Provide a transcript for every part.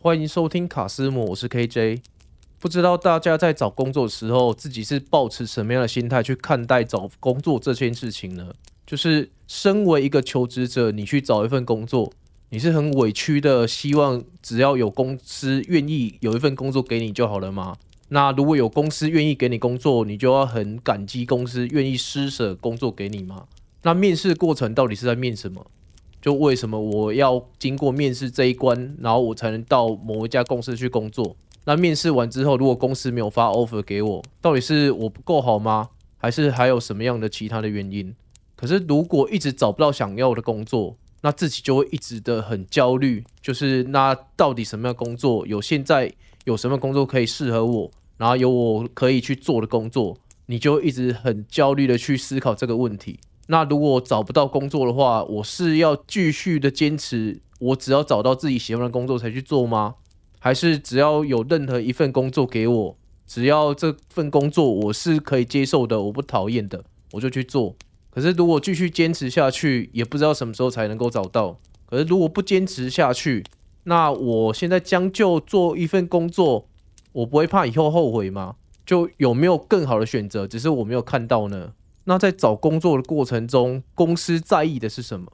歡迎收聽卡斯摩，我是 KJ。不知道大家在找工作的時候，自己是抱持什麼樣的心態去看待找工作這件事情呢？就是身為一個求職者，你去找一份工作，你是很委屈的，希望只要有公司願意有一份工作給你就好了嗎？那如果有公司願意給你工作，你就要很感激公司願意施舍工作給你嗎？那面試過程到底是在面什麼？就為什麼我要經過面試這一關，然後我才能到某一家公司去工作？那面試完之後，如果公司沒有發 offer 給我，到底是我不夠好嗎？還是還有什麼樣的其他的原因？可是如果一直找不到想要的工作，那自己就會一直的很焦慮。就是那到底什麼樣的工作？有現在有什麼工作可以適合我？然後有我可以去做的工作，你就一直很焦慮的去思考這個問題。那如果我找不到工作的話，我是要繼續的堅持，我只要找到自己喜歡的工作才去做嗎？還是只要有任何一份工作給我，只要這份工作我是可以接受的，我不討厭的，我就去做。可是如果繼續堅持下去，也不知道什麼時候才能夠找到。可是如果不堅持下去，那我現在將就做一份工作，我不會怕以後後悔嗎？就有沒有更好的選擇？只是我沒有看到呢。那在找工作的過程中，公司在意的是什麼？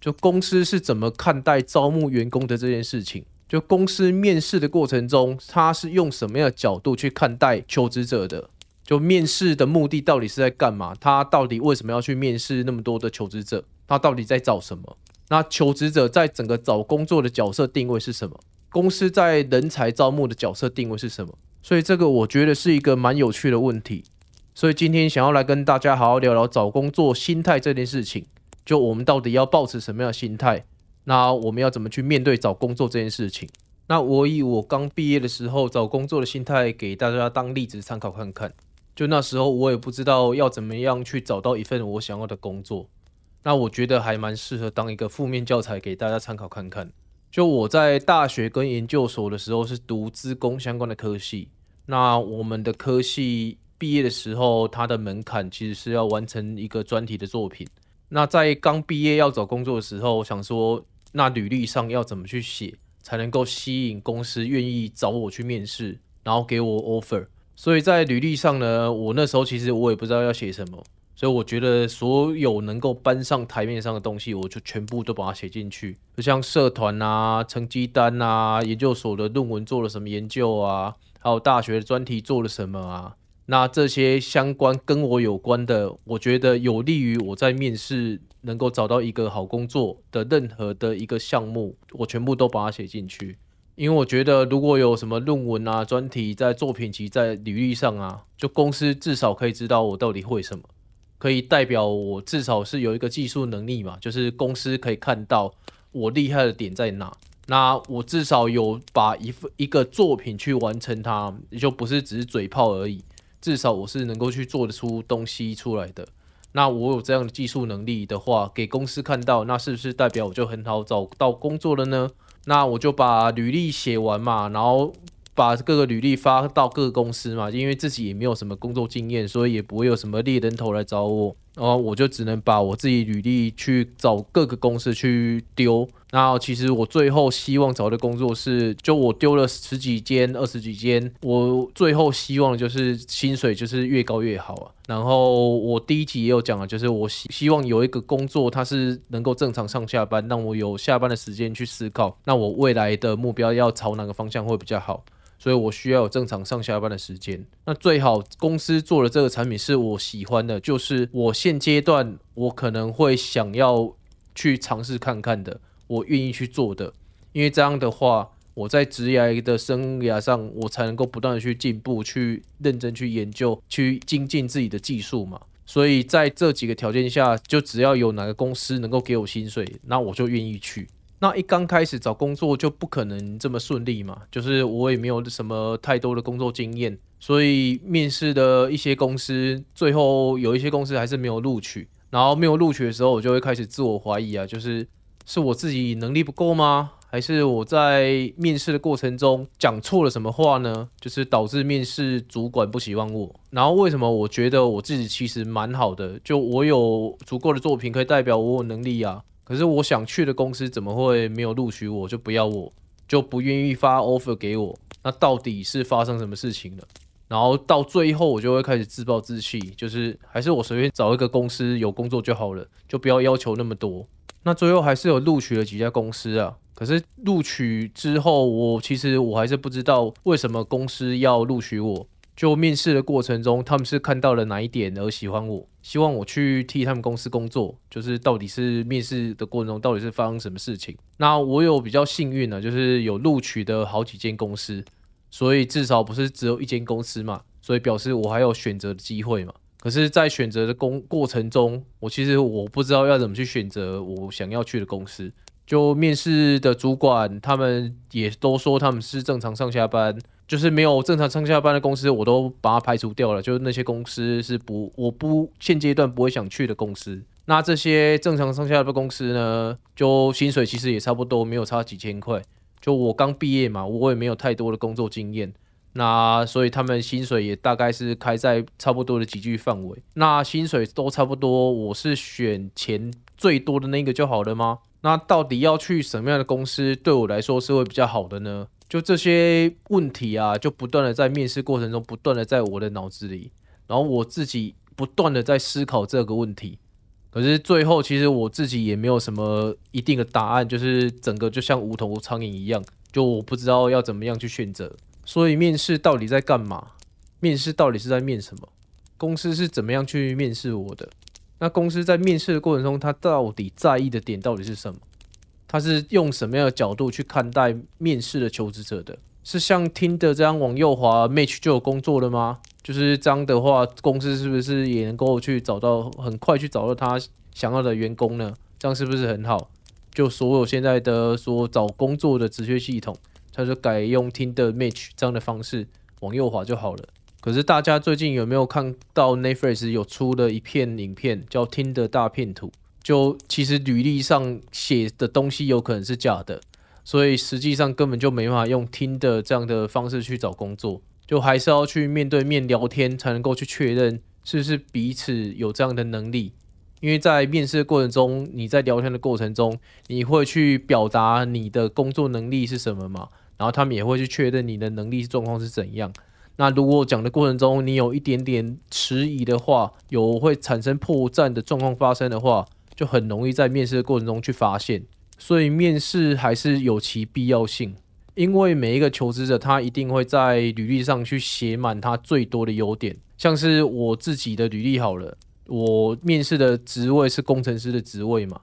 就公司是怎麼看待招募員工的這件事情？就公司面試的過程中，他是用什麼樣的角度去看待求職者的？就面試的目的到底是在幹嘛？他到底為什麼要去面試那麼多的求職者？他到底在找什麼？那求職者在整個找工作的角色定位是什麼？公司在人才招募的角色定位是什麼？所以這個我覺得是一個蠻有趣的問題。所以今天想要來跟大家好好聊聊找工作心態這件事情，就我們到底要抱持什麼樣的心態？那我們要怎麼去面對找工作這件事情？那我以我剛畢業的時候找工作的心態給大家當例子參考看看。就那時候我也不知道要怎麼樣去找到一份我想要的工作，那我覺得還蠻適合當一個負面教材給大家參考看看。就我在大學跟研究所的時候是讀資工相關的科系，那我們的科系。畢業的時候，他的門檻其實是要完成一個專題的作品。那在剛畢業要找工作的時候，我想說，那履歷上要怎麼去寫才能夠吸引公司願意找我去面試，然後給我 offer。所以在履歷上呢，我那時候其實我也不知道要寫什麼，所以我覺得所有能夠搬上台面上的東西，我就全部都把它寫進去，就像社團啊、成績單啊、研究所的論文做了什麼研究啊，還有大學的專題做了什麼啊。那這些相關跟我有關的，我覺得有利於我在面試能夠找到一個好工作的任何的一個項目，我全部都把它寫進去。因為我覺得，如果有什麼論文啊、專題在作品集在履歷上啊，就公司至少可以知道我到底會什麼，可以代表我至少是有一個技術能力嘛，就是公司可以看到我厲害的點在哪。那我至少有把一份一個作品去完成它，就不是只是嘴炮而已。至少我是能夠去做得出東西出來的。那我有這樣的技術能力的話，給公司看到，那是不是代表我就很好找到工作了呢？那我就把履歷寫完嘛，然後把各個履歷發到各個公司嘛。因為自己也沒有什麼工作經驗，所以也不會有什麼獵人頭來找我。然後我就只能把我自己履歷去找各個公司去丟。那其實我最後希望找的工作是，就我丟了十幾間、二十幾間，我最後希望就是薪水就是越高越好啊。然後我第一集也有講了，就是我希希望有一個工作，它是能夠正常上下班，讓我有下班的時間去思考，那我未來的目標要朝哪個方向會比較好。所以，我需要有正常上下班的時間。那最好公司做的這個產品是我喜歡的，就是我現階段我可能會想要去嘗試看看的，我願意去做的。因為這樣的話，我在職業的生涯上，我才能夠不斷的去進步，去認真去研究，去精進自己的技術嘛。所以，在這幾個條件下，就只要有哪個公司能夠給我薪水，那我就願意去。那一剛開始找工作就不可能這麼順利嘛，就是我也沒有什麼太多的工作經驗，所以面試的一些公司，最後有一些公司還是沒有錄取。然後沒有錄取的時候，我就會開始自我懷疑啊，就是是我自己能力不夠嗎？還是我在面試的過程中講錯了什麼話呢？就是導致面試主管不喜歡我。然後為什麼我覺得我自己其實蠻好的，就我有足夠的作品可以代表我有能力啊。可是我想去的公司怎麼會沒有錄取我，就不要我，就不願意發 offer 給我。那到底是發生什麼事情了？然後到最後我就會開始自暴自棄，就是還是我隨便找一個公司有工作就好了，就不要要求那麼多。那最後還是有錄取了幾家公司啊。可是錄取之後我，我其實我還是不知道為什麼公司要錄取我。就面試的過程中，他們是看到了哪一點而喜歡我，希望我去替他們公司工作，就是到底是面試的過程中，到底是發生什麼事情？那我有比較幸運呢，就是有錄取的好幾間公司，所以至少不是只有一間公司嘛，所以表示我還有選擇的機會嘛。可是，在選擇的工過程中，我其實我不知道要怎麼去選擇我想要去的公司。就面試的主管，他們也都說他們是正常上下班，就是沒有正常上下班的公司，我都把它排除掉了。就是那些公司是不，我不現階段不會想去的公司。那這些正常上下班公司呢，就薪水其實也差不多，沒有差幾千塊。就我剛畢業嘛，我也沒有太多的工作經驗，那所以他們薪水也大概是開在差不多的級距範圍。那薪水都差不多，我是選錢最多的那個就好了嗎？那到底要去什麼樣的公司對我來說是會比較好的呢？就這些問題啊，就不斷的在面試過程中，不斷的在我的腦子裡，然後我自己不斷的在思考這個問題。可是最後，其實我自己也沒有什麼一定的答案，就是整個就像無頭蒼蠅一樣，就我不知道要怎麼樣去選擇。所以面試到底在幹嘛？面試到底是在面什麼？公司是怎麼樣去面試我的？那公司在面試的過程中，他到底在意的點到底是什麼？他是用什麼樣的角度去看待面試的求職者的？是像 Tinder 這樣往右滑，Match 就有工作了嗎？就是這樣的話，公司是不是也能夠去找到很快去找到他想要的員工呢？這樣是不是很好？就所有現在的所找工作的直覺系統，他就改用 Tinder Match 這樣的方式往右滑就好了。可是大家最近有沒有看到 Netflix 有出了一片影片，叫 Tinder 大騙徒？就其實履歷上寫的東西有可能是假的，所以實際上根本就沒辦法用 Tinder 這樣的方式去找工作，就還是要去面對面聊天才能夠去確認是不是彼此有這樣的能力。因為在面試過程中，你在聊天的過程中，你會去表達你的工作能力是什麼嘛？然後他們也會去確認你的能力狀況是怎樣。那如果我講的過程中，你有一點點遲疑的話，有會產生破綻的狀況發生的話，就很容易在面試的過程中去發現。所以面試還是有其必要性，因為每一個求職者他一定會在履歷上去寫滿他最多的優點。像是我自己的履歷好了，我面試的職位是工程師的職位嘛。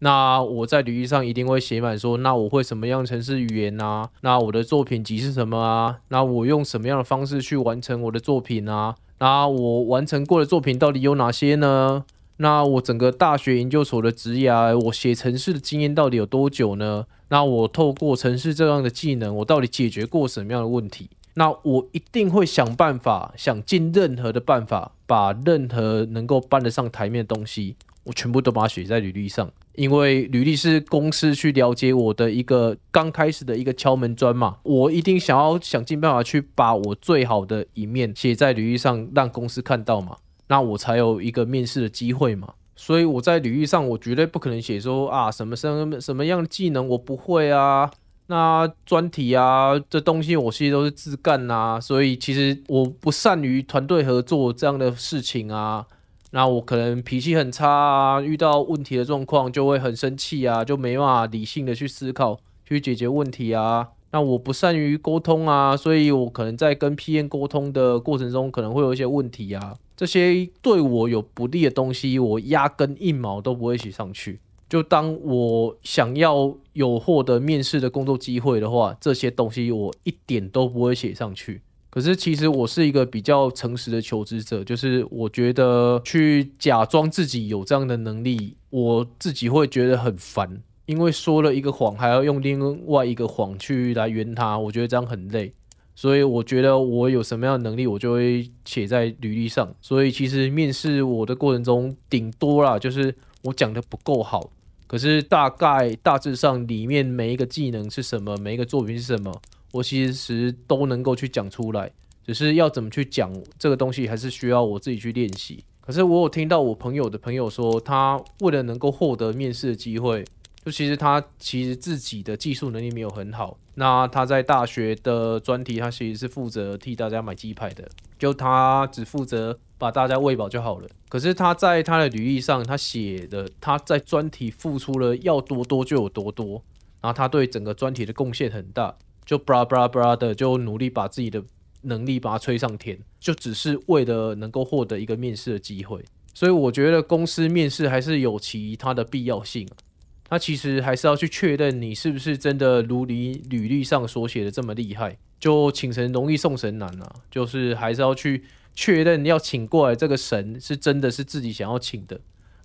那我在履歷上一定會寫滿，說那我會什麼樣程式語言呢、啊？那我的作品集是什麼啊？那我用什麼樣的方式去完成我的作品啊？那我完成過的作品到底有哪些呢？那我整個大學研究所的職業啊，我寫程式的經驗到底有多久呢？那我透過程式這樣的技能，我到底解決過什麼樣的問題？那我一定會想辦法，想盡任何的辦法，把任何能夠搬得上台面的東西，我全部都把它寫在履歷上。因為履歷是公司去了解我的一個剛開始的一個敲門磚嘛，我一定想要想盡辦法去把我最好的一面寫在履歷上，讓公司看到嘛，那我才有一個面試的機會嘛。所以我在履歷上，我絕對不可能寫說啊什麼什麼什麼樣的技能我不會啊，那專題啊這東西我其實都是自幹啊。所以其實我不善於團隊合作這樣的事情啊。那我可能脾氣很差啊，遇到問題的狀況就會很生氣啊，就沒辦法理性的去思考、去解決問題啊。那我不善於溝通啊，所以我可能在跟 PN 溝通的過程中，可能會有一些問題啊。這些對我有不利的東西，我壓根一毛都不會寫上去。就當我想要有獲得面試的工作機會的話，這些東西我一點都不會寫上去。可是其實我是一個比較誠實的求職者，就是我覺得去假裝自己有這樣的能力，我自己會覺得很煩，因為說了一個謊，還要用另外一個謊去來圓它，我覺得這樣很累。所以我覺得我有什麼樣的能力，我就會寫在履歷上。所以其實面試我的過程中，頂多啦，就是我講的不夠好，可是大概大致上裡面每一個技能是什麼，每一個作品是什麼，我其實都能夠去講出來，只是要怎麼去講這個東西，還是需要我自己去練習。可是我有聽到我朋友的朋友說，他為了能夠獲得面試的機會，就其實他其實自己的技術能力沒有很好。那他在大學的專題，他其實是負責替大家買雞排的，就他只負責把大家餵飽就好了。可是他在他的履歷上，他寫的他在專題付出了要多多就有多多，然後他對整個專題的貢獻很大。就巴拉巴拉巴拉的，就努力把自己的能力把它吹上天，就只是為了能夠獲得一個面試的機會。所以我覺得公司面試還是有其他的必要性，他其實還是要去確認你是不是真的如你履歷上所寫的這麼厲害。就請神容易送神難啊，就是還是要去確認要請過來這個神是真的是自己想要請的，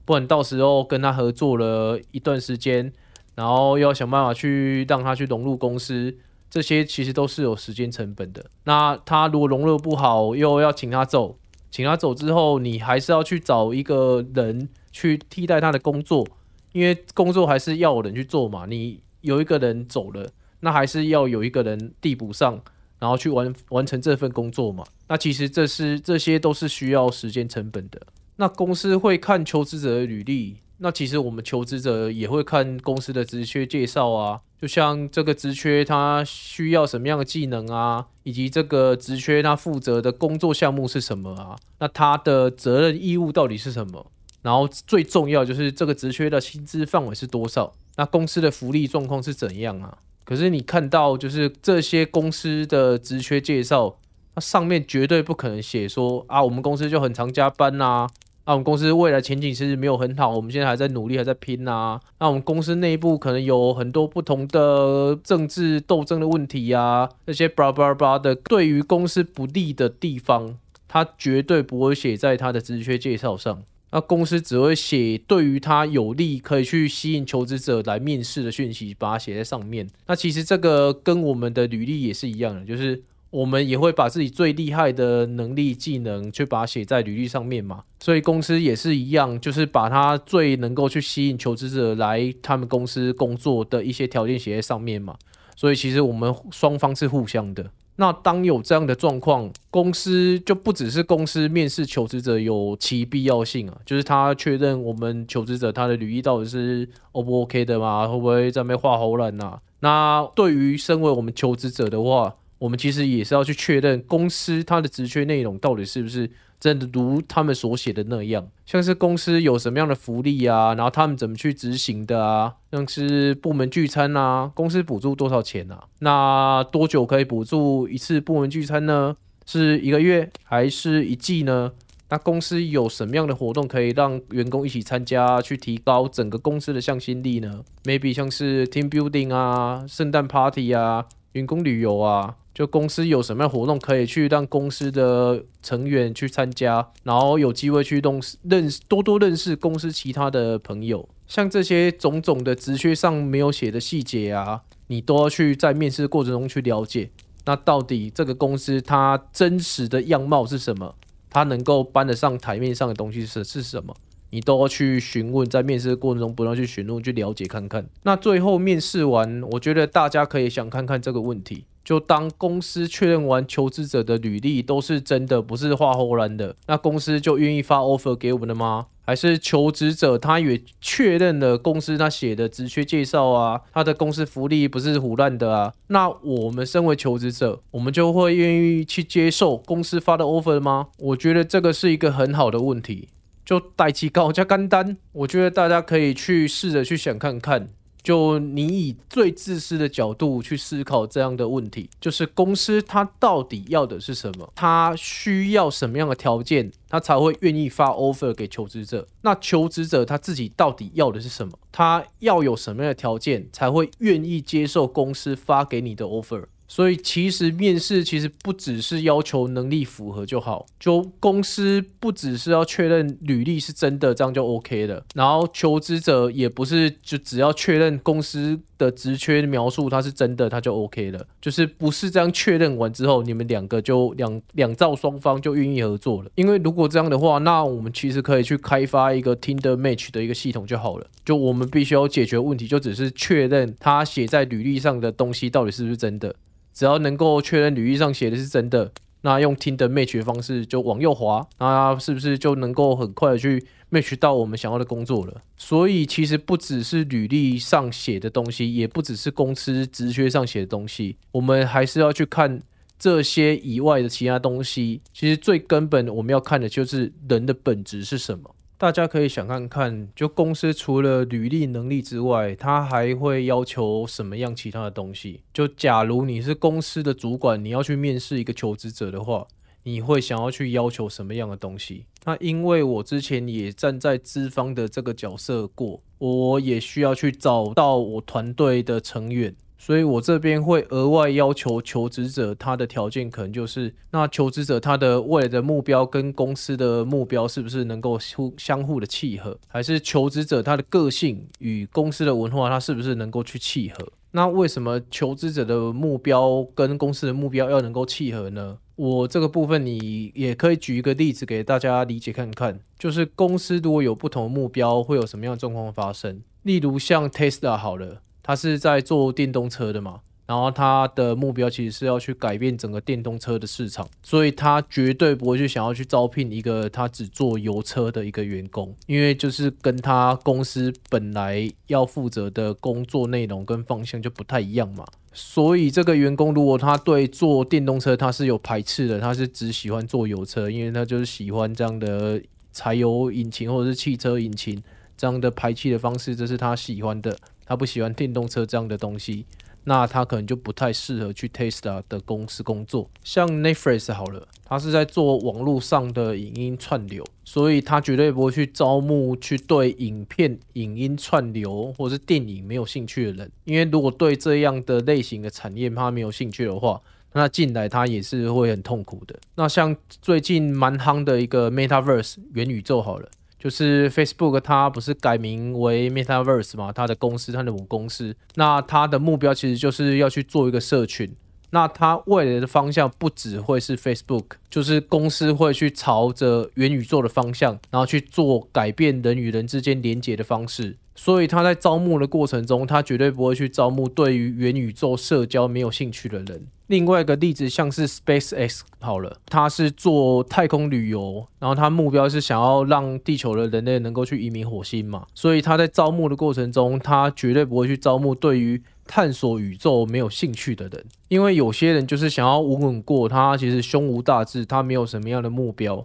不然到時候跟他合作了一段時間，然後要想辦法去讓他去融入公司。這些其實都是有時間成本的。那他如果融入不好，又要請他走，請他走之後，你還是要去找一個人去替代他的工作，因為工作還是要有人去做嘛。你有一個人走了，那還是要有一個人遞補上，然後去完完成這份工作嘛。那其實這是這些都是需要時間成本的。那公司會看求職者的履歷。那其實我們求職者也會看公司的職缺介紹啊，就像這個職缺他需要什麼樣的技能啊，以及這個職缺他負責的工作項目是什麼啊，那他的責任義務到底是什麼？然後最重要就是這個職缺的薪資範圍是多少，那公司的福利狀況是怎樣啊？可是你看到就是這些公司的職缺介紹，它上面絕對不可能寫說啊，我們公司就很常加班吶啊。那、啊、我們公司未來前景其實沒有很好，我們現在還在努力，還在拼啊。那、啊、我們公司內部可能有很多不同的政治鬥爭的問題啊，那些巴拉巴拉的對於公司不利的地方，他絕對不會寫在他的職缺介紹上。那、啊、公司只會寫對於他有利，可以去吸引求職者來面試的訊息，把它寫在上面。那其實這個跟我們的履歷也是一樣的，就是。我們也會把自己最厲害的能力、技能去把它寫在履歷上面嘛，所以公司也是一樣，就是把它最能夠去吸引求職者來他們公司工作的一些條件寫在上面嘛。所以其實我們雙方是互相的。那當有這樣的狀況，公司就不只是公司面試求職者有其必要性啊，就是他確認我們求職者他的履歷到底是 O 不 OK 的嘛，會不會在那邊畫唬爛啊？那對於身為我們求職者的話，我們其實也是要去確認公司它的職缺內容到底是不是真的如他們所寫的那樣，像是公司有什麼樣的福利啊，然後他們怎麼去執行的啊，像是部門聚餐啊，公司補助多少錢啊？那多久可以補助一次部門聚餐呢？是一個月還是一季呢？那公司有什麼樣的活動可以讓員工一起參加，去提高整個公司的向心力呢？maybe 像是 team building 啊、聖誕 party 啊、員工旅遊啊。就公司有什麼樣活動，可以去讓公司的成員去參加，然後有機會去認識、認識多多認識公司其他的朋友。像這些種種的職缺上沒有寫的細節啊，你都要去在面試過程中去了解。那到底這個公司它真實的樣貌是什麼？它能夠搬得上台面上的東西是是什麼？你都要去詢問，在面試過程中不斷去詢問去了解看看。那最後面試完，我覺得大家可以想看看這個問題。就當公司確認完求職者的履歷都是真的，不是唬爛的，那公司就願意發 offer 給我們的嗎？還是求職者他也確認了公司他寫的職缺介紹啊，他的公司福利不是唬爛的啊？那我們身為求職者，我們就會願意去接受公司發的 offer 嗎？我覺得這個是一個很好的問題，就代誌高加干單，我覺得大家可以去試着去想看看。就你以最自私的角度去思考這樣的問題，就是公司它，到底要的是什麼？它需要什麼樣的條件，它才會願意發 offer 給求職者？那求職者他自己到底要的是什麼？他要有什麼樣的條件才會願意接受公司發給你的 offer？所以其實面試其實不只是要求能力符合就好，就公司不只是要確認履歷是真的，這樣就 OK 了。然後求職者也不是就只要確認公司的職缺描述它是真的，它就 OK 了。就是不是這樣確認完之後，你們兩個就兩兩造雙方就願意合作了。因為如果這樣的話，那我們其實可以去開發一個 Tinder Match 的一個系統就好了。就我們必須要解決問題，就只是確認他寫在履歷上的東西到底是不是真的。只要能夠確認履歷上寫的是真的，那用聽的 match 的方式就往右滑，那是不是就能夠很快的去 match 到我們想要的工作了？所以其實不只是履歷上寫的東西，也不只是公司職缺上寫的東西，我們還是要去看這些以外的其他東西。其實最根本我們要看的就是人的本質是什麼。大家可以想看看，就公司除了履歷能力之外，他還會要求什麼樣其他的東西？就假如你是公司的主管，你要去面試一個求職者的話，你會想要去要求什麼樣的東西？那因為我之前也站在資方的這個角色過，我也需要去找到我團隊的成員。所以我這邊會額外要求求職者，他的條件可能就是，那求職者他的未來的目標跟公司的目標是不是能夠相互的契合，還是求職者他的個性與公司的文化，他是不是能夠去契合？那為什麼求職者的目標跟公司的目標要能夠契合呢？我這個部分你也可以舉一個例子給大家理解看看，就是公司如果有不同的目標，會有什麼樣的狀況發生？例如像 Tesla 好了。他是在做電動車的嘛，然後他的目標其實是要去改變整個電動車的市場，所以他絕對不會去想要去招聘一個他只做油車的一個員工，因為就是跟他公司本來要負責的工作內容跟方向就不太一樣嘛。所以這個員工如果他對做電動車他是有排斥的，他是只喜歡做油車，因為他就是喜歡這樣的柴油引擎或者是汽車引擎這樣的排氣的方式，這是他喜歡的。他不喜歡電動車這樣的東西，那他可能就不太適合去 Tesla 的公司工作。像 Netflix 好了，他是在做網絡上的影音串流，所以他絕對不會去招募去對影片、影音串流或是電影沒有興趣的人，因為如果對這樣的類型的產業他沒有興趣的話，那他進來他也是會很痛苦的。那像最近蠻夯的一個 Metaverse 元宇宙好了。就是 Facebook 它不是改名為 Metaverse 嘛，它的公司，它的母公司，那它的目標其實就是要去做一個社群。那它未來的方向不只會是 Facebook，就是公司會去朝着元宇宙的方向，然後去做改變人與人之間連接的方式。所以它在招募的過程中，它絕對不會去招募對於元宇宙社交沒有興趣的人。另外一個例子，像是 SpaceX 好了，他是做太空旅遊，然後他目標是想要讓地球的人類能夠去移民火星嘛，所以他在招募的過程中，他絕對不會去招募對於探索宇宙沒有興趣的人，因為有些人就是想要穩穩過，他其實胸無大志，他沒有什麼樣的目標。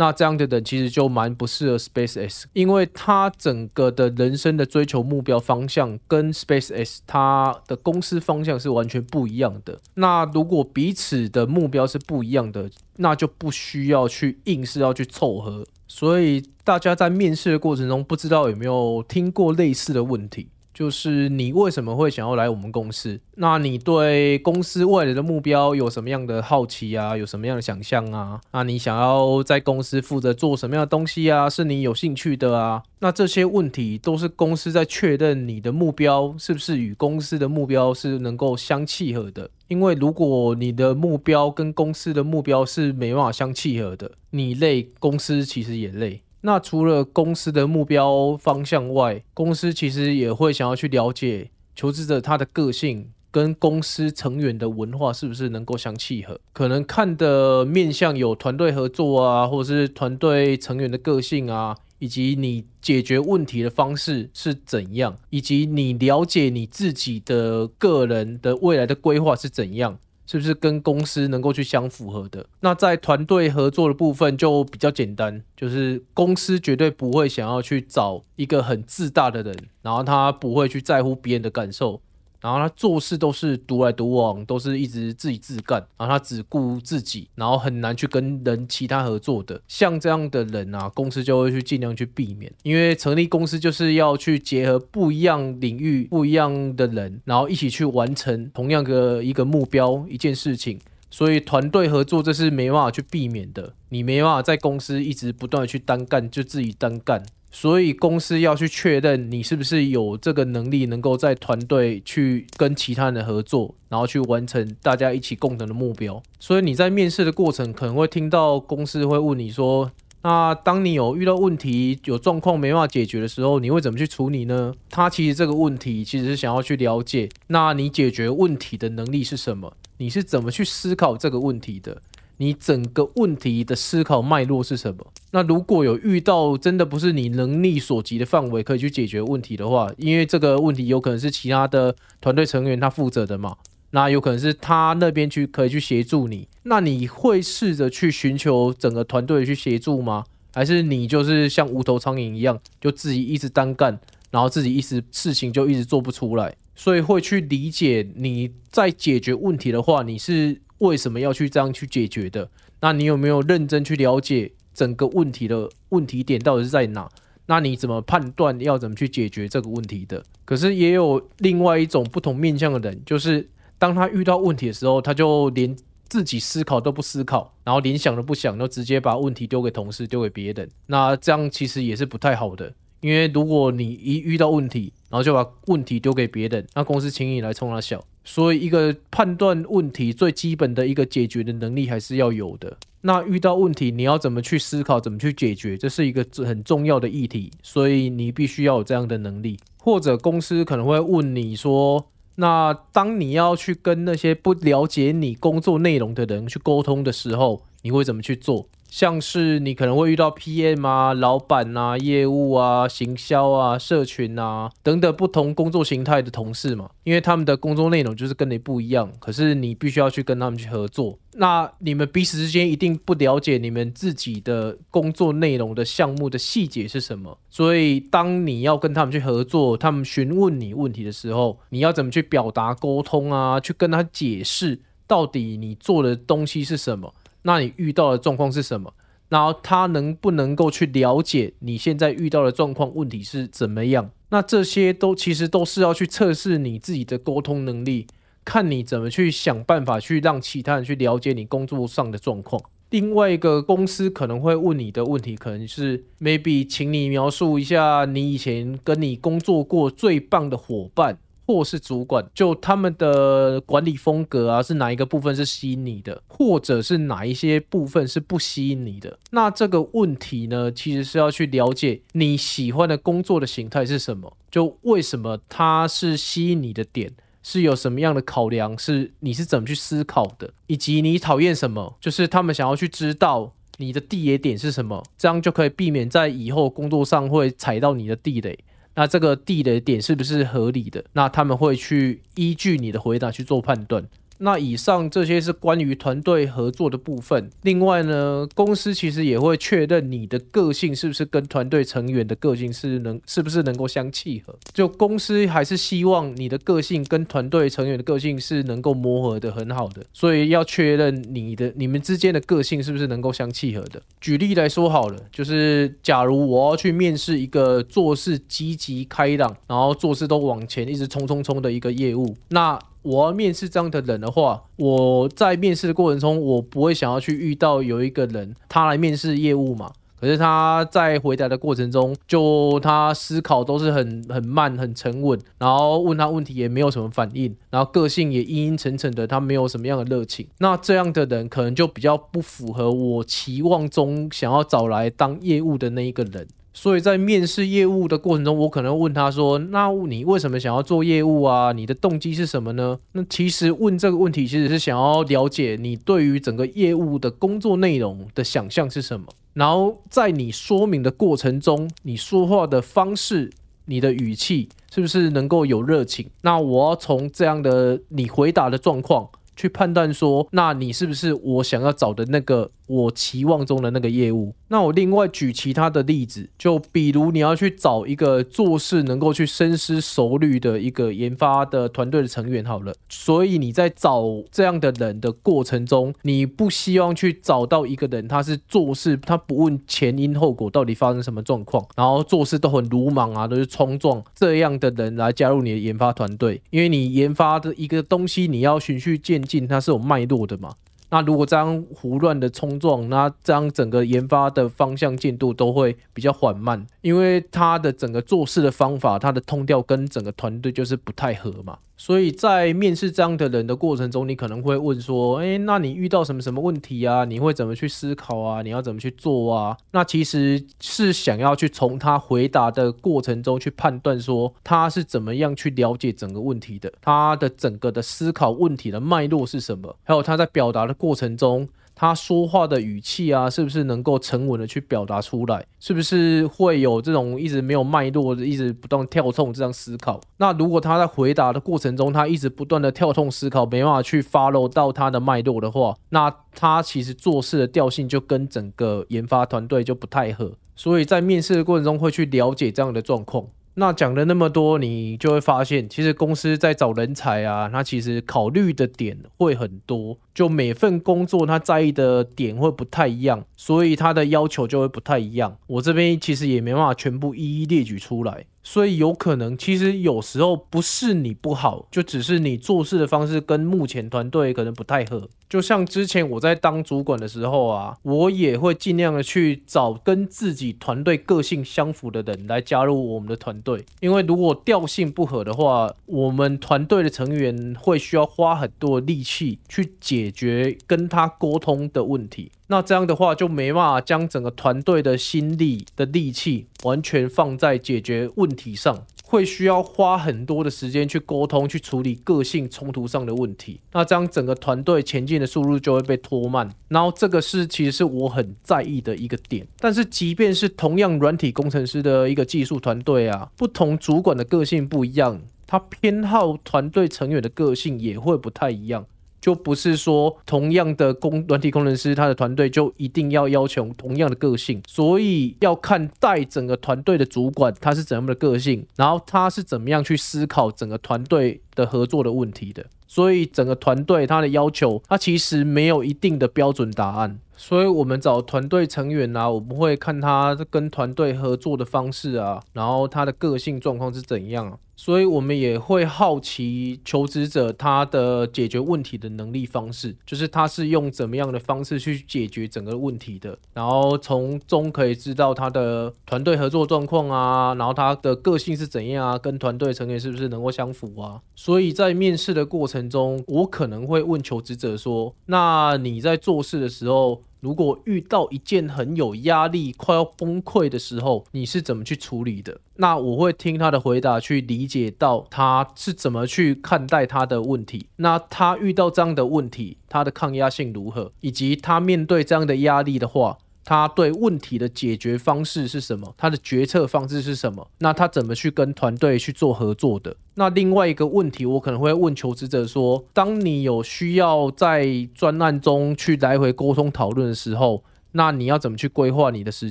那這樣的人其實就蠻不適合 SpaceX，因為他整個的人生的追求目標方向跟 SpaceX 他的公司方向是完全不一樣的。那如果彼此的目標是不一樣的，那就不需要去硬是要去湊合。所以大家在面試的過程中，不知道有沒有聽過類似的問題？就是你為什麼會想要來我們公司？那你對公司未來的目標有什麼樣的好奇啊？有什麼樣的想象啊？啊，你想要在公司負責做什麼樣的東西啊？是你有興趣的啊？那這些問題都是公司在確認你的目標是不是與公司的目標是能夠相契合的。因為如果你的目標跟公司的目標是沒辦法相契合的，你累，公司其實也累。那除了公司的目標方向外，公司其實也會想要去了解求職者他的個性跟公司成員的文化是不是能夠相契合，可能看的面向有團隊合作啊，或者是團隊成員的個性啊，以及你解決問題的方式是怎樣，以及你了解你自己的個人的未來的規劃是怎樣。是不是跟公司能夠去相符合的？那在團隊合作的部分就比較簡單，就是公司絕對不會想要去找一個很自大的人，然後他不會去在乎別人的感受。然後他做事都是獨來獨往，都是一直自己自幹，然後他只顧自己，然後很難去跟人其他合作的。像這樣的人啊，公司就會去盡量去避免，因為成立公司就是要去結合不一樣領域、不一樣的人，然後一起去完成同樣的一個目標、一件事情。所以團隊合作這是沒辦法去避免的，你沒辦法在公司一直不斷地去單幹，就自己單幹。所以公司要去確認你是不是有這個能力，能夠在團隊去跟其他人的合作，然後去完成大家一起共同的目標。所以你在面試的過程可能會聽到公司會問你說：“那當你有遇到問題、有狀況沒辦法解決的時候，你會怎麼去處理呢？”他其實這個問題其實是想要去了解，那你解決問題的能力是什麼？你是怎麼去思考這個問題的？你整個問題的思考脈絡是什麼？那如果有遇到真的不是你能力所及的範圍可以去解決問題的話，因為這個問題有可能是其他的團隊成員他負責的嘛，那有可能是他那邊去可以去協助你。那你會試着去尋求整個團隊去協助嗎？還是你就是像無頭蒼蠅一樣，就自己一直單幹，然後自己一直事情就一直做不出來？所以會去理解你在解決問題的話，你是。為什麼要去這樣去解決的？那你有沒有認真去了解整個問題的問題點到底是在哪？那你怎麼判斷要怎麼去解決這個問題的？可是也有另外一種不同面向的人，就是當他遇到問題的時候，他就連自己思考都不思考，然後連想都不想，就直接把問題丟給同事，丟給別人。那這樣其實也是不太好的，因為如果你一遇到問題，然後就把問題丟給別人，那公司請你來衝三小。所以，一個判斷問題最基本的一個解決的能力還是要有的。那遇到問題，你要怎麼去思考，怎麼去解決，這是一個很重要的議題。所以，你必須要有這樣的能力。或者，公司可能會問你說：“那當你要去跟那些不了解你工作內容的人去溝通的時候，你會怎麼去做？”像是你可能會遇到 PM 啊、老闆啊、業務啊、行銷啊、社群啊等等不同工作形態的同事嘛，因為他們的工作內容就是跟你不一樣，可是你必須要去跟他們去合作，那你們彼此之間一定不了解你們自己的工作內容的項目的細節是什麼，所以當你要跟他們去合作，他們詢問你問題的時候，你要怎麼去表達溝通啊，去跟他解釋到底你做的東西是什麼？那你遇到的狀況是什麼？然後他能不能夠去了解你現在遇到的狀況？問題是怎麼樣？那這些都其實都是要去測試你自己的溝通能力，看你怎麼去想辦法去讓其他人去了解你工作上的狀況。另外一個公司可能會問你的問題，可能是 maybe 請你描述一下你以前跟你工作過最棒的夥伴。或是主管，就他們的管理風格啊，是哪一個部分是吸引你的，或者是哪一些部分是不吸引你的？那這個問題呢，其實是要去了解你喜歡的工作的型態是什麼，就為什麼它是吸引你的點，是有什麼樣的考量，是你是怎麼去思考的，以及你討厭什麼，就是他們想要去知道你的地雷點是什麼，這樣就可以避免在以後工作上會踩到你的地雷。那這個地雷點，是不是合理的？那他們會去依據你的回答去做判斷。那以上這些是關於團隊合作的部分。另外呢，公司其實也會確認你的個性是不是跟團隊成員的個性是能是不是能夠相契合。就公司還是希望你的個性跟團隊成員的個性是能夠磨合的很好的，所以要確認你的你們之間的個性是不是能夠相契合的。舉例來說好了，就是假如我要去面試一個做事積極開朗，然後做事都往前一直衝衝衝的一個業務，那。我要面試這樣的人的話，我在面試的過程中，我不會想要去遇到有一個人，他來面試業務嘛。可是他在回答的過程中，就他思考都是很很慢、很沉穩，然後問他問題也沒有什麼反應，然後個性也陰陰沉沉的，他沒有什麼樣的熱情。那這樣的人可能就比較不符合我期望中想要找來當業務的那一個人。所以在面試業務的過程中，我可能問他說：“那你為什麼想要做業務啊？你的動機是什麼呢？”那其實問這個問題其實是想要了解你對於整個業務的工作內容的想象是什麼。然後在你說明的過程中，你說話的方式、你的語氣是不是能夠有熱情？那我要從這樣的你回答的狀況去判斷說，那你是不是我想要找的那個？我期望中的那個業務，那我另外舉其他的例子，就比如你要去找一個做事能夠去深思熟慮的一個研發的團隊的成員好了。所以你在找這樣的人的過程中，你不希望去找到一個人，他是做事他不問前因後果，到底發生什麼狀況，然後做事都很魯莽啊，都是衝撞這樣的人來加入你的研發團隊，因為你研發的一個東西你要循序漸進，它是有脈絡的嘛。那如果這樣胡亂的衝撞，那這樣整個研發的方向進度都會比較緩慢，因為他的整個做事的方法，他的通調跟整個團隊就是不太合嘛。所以在面試這樣的人的過程中，你可能會問說：“誒，那你遇到什麼什麼問題啊？你會怎麼去思考啊？你要怎麼去做啊？”那其實是想要去從他回答的過程中去判斷說他是怎麼樣去了解整個問題的，他的整個的思考問題的脈絡是什麼，還有他在表達的過程中。他說話的語氣啊，是不是能夠沉穩的去表達出來？是不是會有這種一直沒有脈絡，一直不斷跳動這樣思考？那如果他在回答的過程中，他一直不斷的跳動思考，沒辦法去 follow 到他的脈絡的話，那他其實做事的調性就跟整個研發團隊就不太合，所以在面試的過程中會去了解這樣的狀況。那講了那麼多，你就會發現，其實公司在找人才啊，他其實考慮的點會很多，就每份工作他在意的點會不太一樣，所以他的要求就會不太一樣。我這邊其實也沒辦法全部一一列舉出來。所以有可能，其實有時候不是你不好，就只是你做事的方式跟目前團隊可能不太合。就像之前我在當主管的時候啊，我也會盡量的去找跟自己團隊個性相符的人來加入我們的團隊，因為如果調性不合的話，我們團隊的成員會需要花很多力氣去解決跟他溝通的問題。那這樣的話，就沒辦法將整個團隊的心力的力氣完全放在解決問題上，會需要花很多的時間去溝通、去處理個性衝突上的問題。那這樣整個團隊前進的速度就會被拖慢。然後這個是其實是我很在意的一個點。但是即便是同樣軟體工程師的一個技術團隊啊，不同主管的個性不一樣，他偏好團隊成員的個性也會不太一樣。就不是說同樣的工軟體工程師，他的團隊就一定要要求同樣的個性，所以要看帶整個團隊的主管他是怎樣的個性，然後他是怎麼樣去思考整個團隊的合作的問題的。所以整個團隊他的要求，他其實沒有一定的標準答案。所以我們找團隊成員啊，我們會看他跟團隊合作的方式啊，然後他的個性狀況是怎樣啊。所以，我們也會好奇求職者他的解決問題的能力方式，就是他是用怎麼樣的方式去解決整個問題的，然後從中可以知道他的團隊合作狀況啊，然後他的個性是怎樣啊，跟團隊成員是不是能夠相符啊。所以在面試的過程中，我可能會問求職者說：“那你在做事的時候？”如果遇到一件很有壓力、快要崩潰的時候，你是怎麼去處理的？那我會聽他的回答，去理解到他是怎麼去看待他的問題。那他遇到這樣的問題，他的抗壓性如何？以及他面對這樣的壓力的話，他對問題的解決方式是什麼？他的決策方式是什麼？那他怎麼去跟團隊去做合作的？那另外一個問題，我可能會問求職者說，當你有需要在專案中去來回溝通討論的時候，那你要怎麼去規劃你的時